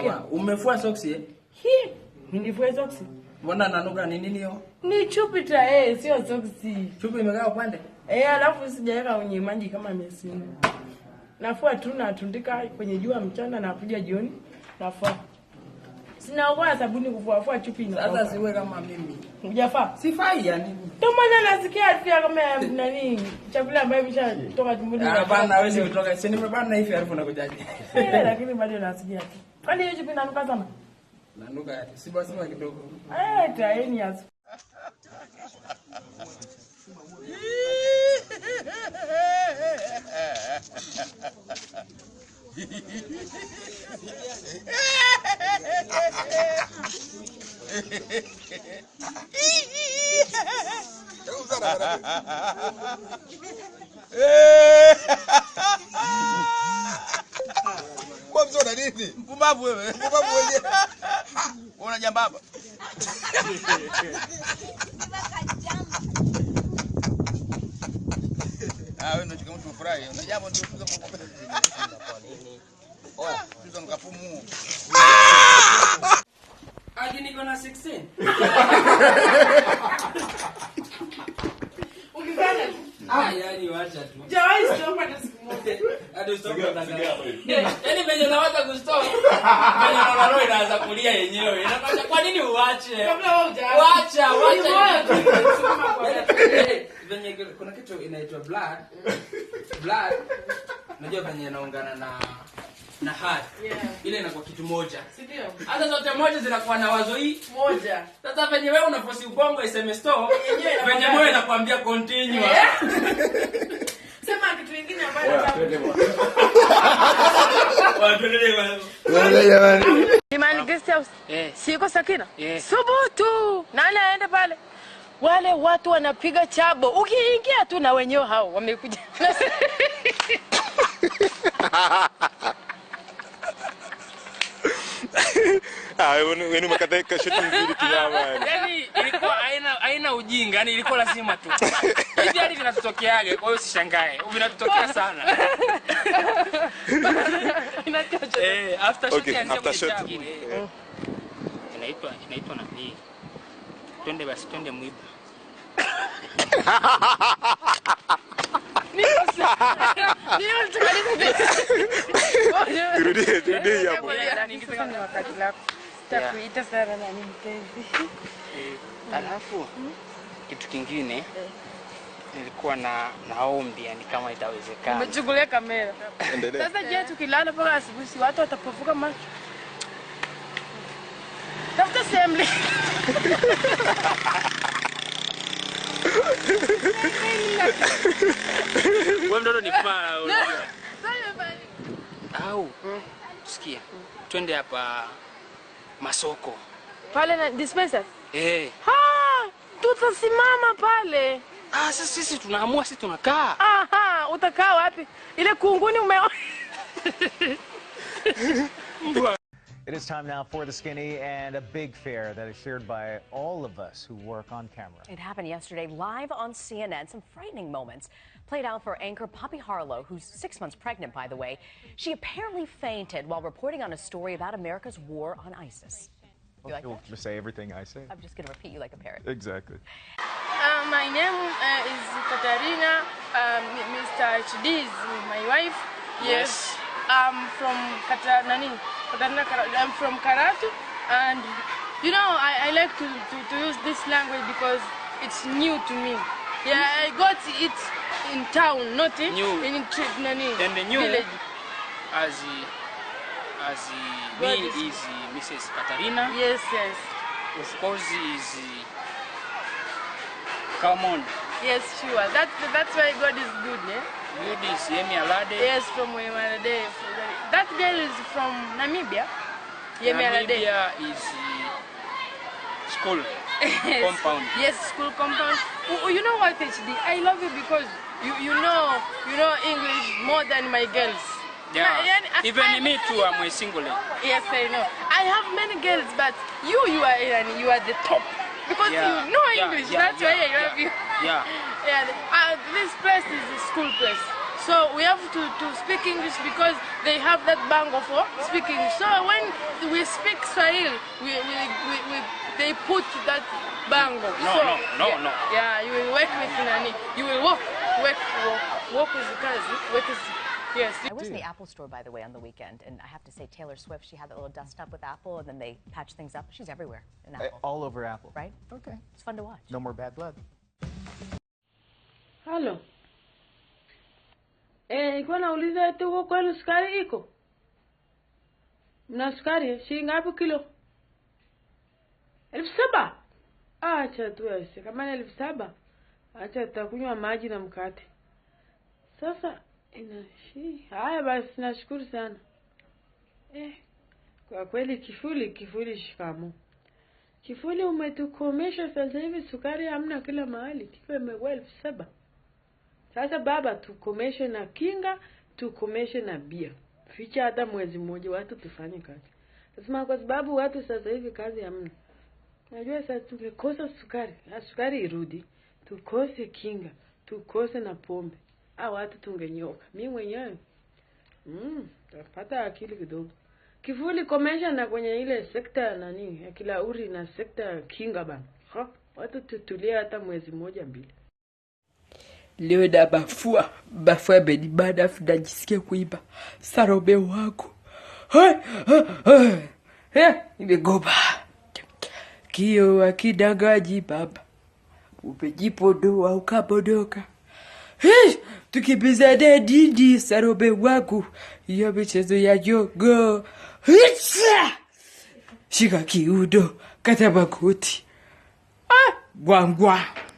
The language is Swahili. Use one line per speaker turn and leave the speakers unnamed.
Okay. Umefua soksi ye? Eh?
Hii. Nilifua soksi.
Mbona nanuka ni nini hiyo?
Ni chupi ta eh, sio soksi.
Chupi imekaa upande?
Eh, alafu sijaweka kwenye maji kama mesini. Nafua tu tundika kwenye jua mchana na kuja jioni. Nafua. Sina uwa sabuni kufua fua chupi ina.
Sasa siwe kama mimi. Hujafaa. Sifai yani.
Ndio maana nasikia pia kama nani chakula ambayo imeshatoka tumboni.
Hapana, ah, hawezi kutoka. Si nimebana hivi harufu nakujaje.
Eh, lakini bado nasikia tu. Kwani hiyo inanuka sana?
Inanuka, si basi kidogo.
Eh, taeni asu.
Ulikuwa mzee na nini?
Mpumbavu wewe.
Mpumbavu wewe. Unaona jamba Ah, wewe ndio chukua mtu
furahi. Una jambo ndio tuza kwa nini? Oh, tuza nikapumu. Hadi ah! niko na 16.
Ukifanya?
Ah, yani wacha tu
yaani venye naweza kustop venye Ronaldo inaanza kulia yenyewe inapata kwa nini uache
wacha
wacha yaani,
eh, venye kuna kitu inaitwa blood blood unajua venye inaungana na na heart yeah. ile inakuwa kitu moja hata zote moja zinakuwa na wazo hii moja sasa venye wewe unafosi ubongo iseme stop venye moyo inakwambia continue yeah.
Imani eh. siko Sakina, eh. subutu nani aende pale? Wale watu wanapiga chabo, ukiingia tu na wenyewe hao wamekuja
Ah, yaani, yaani umekata shoot mbili kinyama yani.
Yaani ilikuwa haina haina ujinga, yani ilikuwa lazima tu. Hivi hadi vinatutokeaga, kwa hiyo usishangae. Vinatutokea sana. Eh, after shoot okay,
after shoot. Inaitwa inaitwa nani? Twende basi, twende mwiba.
Ningesema ni wakati lako. Takuita Sara na ni mpenzi.
Eh, alafu mm-hmm. kitu kingine eh. nilikuwa na naombi yani kama itawezekana.
Umechukulia kamera. Sasa je, tukilala mpaka asubuhi si watu watapofuka macho? Tafuta semli.
Wewe mtoto ni paa. Au mm. sikia. Twende hapa masoko
pale na dispensers eh. hey. Tutasimama pale.
Ah, sisi sisi tunaamua, sisi tunakaa.
Aha, utakaa wapi? Ile kunguni ume
It is time now for the skinny and a big fair that is shared by all of us who work on camera. It
happened yesterday live on CNN. Some frightening moments played out for anchor Poppy Harlow, who's six months pregnant, by the way. She apparently fainted while reporting on a story about America's war on ISIS.
You like You'll
say everything I say.
I'm just going to repeat you like a parrot.
Exactly.
Uh, my name uh, is Katarina. Um, Mr. HD is my wife. Yes. yes. I'm from Katarina. I'm from Karatu and you know I, I like to, to, to, use this language because it's new to me. Yeah, I got it in town, not in new. in trip, Then the
new village. as as me is, is Mrs. Katarina. Yes, yes. Of course is come on.
Yes, sure. That's that's why God is good, yeah.
Good is Yemi Alade.
Yes, from Yemi Alade. That girl is from Namibia.
Namibia is school compound.
Yes, school compound. Oh, oh, you know what, HD? I love you because you you know you know English more than my girls.
Yeah. I, Even I, me too, I'm a single.
Yes, I know. I have many girls, but you you are you are the top because yeah. you know English. Yeah, yeah, That's why I love you. Yeah. yeah. Uh, this place is a school place. So we have to, to speak English because they have that bango for oh, speaking. So when we speak Swahili, we, we, we, we they put that bango.
No, so, no, no, yeah, no.
Yeah, you will work with Nani. You will work, work, work with the Kazi, work with
Yes. I was in the Apple store, by the way, on the weekend, and I have to say, Taylor Swift, she had that little dust up with Apple, and then they patched things up. She's everywhere in eh, Apple.
all over Apple.
Right? Okay. It's fun to watch. No
more bad blood. Hello. Eh, nilikuwa nauliza eti huko kwenu sukari iko? Mna sukari shilingi ngapi kilo? Elfu saba. Acha tu aise, kama ni elfu saba acha tutakunywa maji na mkate. Sasa inashi. Haya basi, nashukuru sana. Eh, kwa kweli Kifuli, Kifuli shikamu Kifuli, umetukomesha sasa hivi, sukari hamna kila mahali, kilo imekuwa elfu saba. Sasa Baba, tukomeshe na kinga, tukomeshe na bia, ficha hata mwezi mmoja, watu tufanye kazi. Nasema kwa sababu watu sasa hivi kazi hamna. Najua sasa tumekosa sukari, na ah, sukari irudi, tukose kinga, tukose na pombe, ah, watu tungenyoka. Mi mwenyewe mm, tapata akili kidogo. Kivuli komesha na kwenye ile sekta nani ya kilauri na sekta kinga bana, watu tutulie hata mwezi mmoja mbili liwe na mafua mafua yamenibana afu najisikia kuimba Salome wangu imegoma kio wakidangaji baba umejipodoa ukabodoka tukibizana didi sarobe wangu iyo michezo ya jogo shika kiudo kata magoti ah,